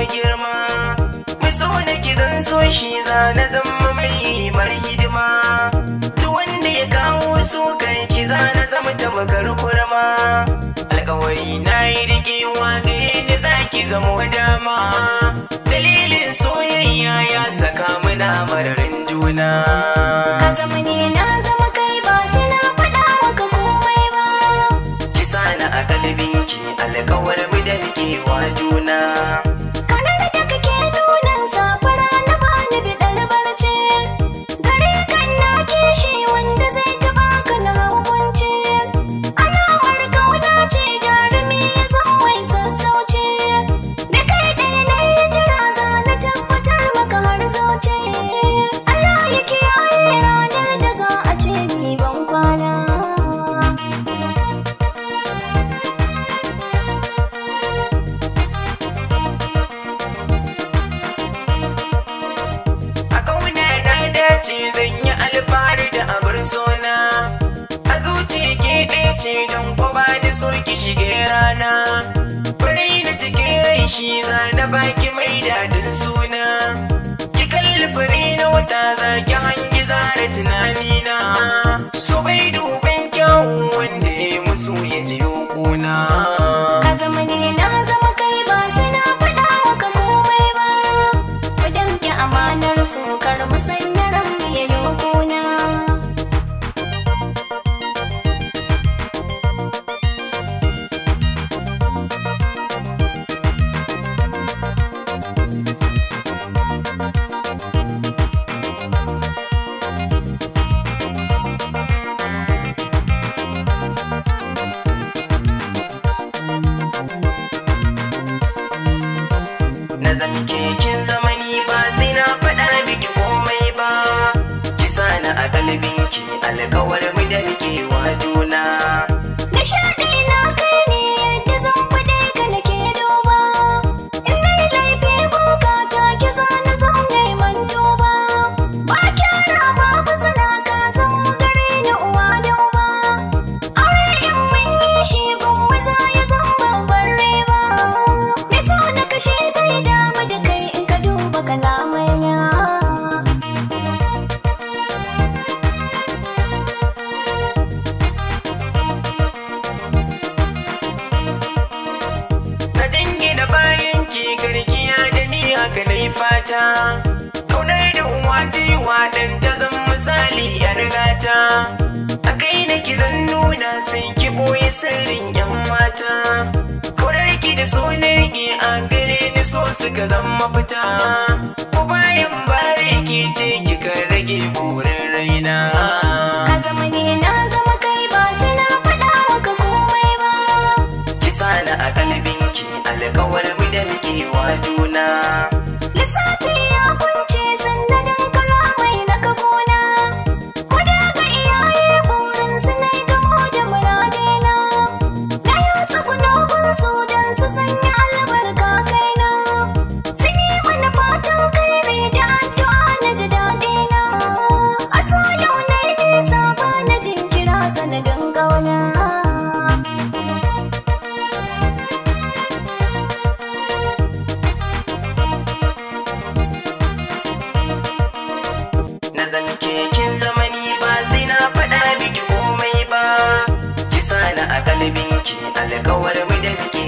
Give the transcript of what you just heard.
mu girma mu so na gidan so shi za na zama mai mar hidima duk wanda ya kawo so ki za na zama tabakar kurma alkawari na yi rikewa gare ni za ki zama dama dalilin soyayya ya saka mana mararin juna ka zama ne na zama kai ba sai na faɗa komai ba ki sana a kalbinki alkawar mu da rikewa juna so ki shige rana Bari na cikin rai shi na baki mai dadin suna Ki kalli na wata zaki hanya zamce kin zamani ba sai na faɗa miki komai ba ki ni a kalbinki alkawar mu da muke wa juna fata kaunar da uwa ta yi wa ta zan misali a rigata a kai na ki zan nuna sai ki ɓoye sirrin yan mata kaunar ki da a gare ni so suka zan mafita ko bayan bare ki ce kika rage burin raina ka zama na zama kai ba suna faɗa maka komai ba ki sana a kalbinki alkawar mu da muke juna alkawarin mu da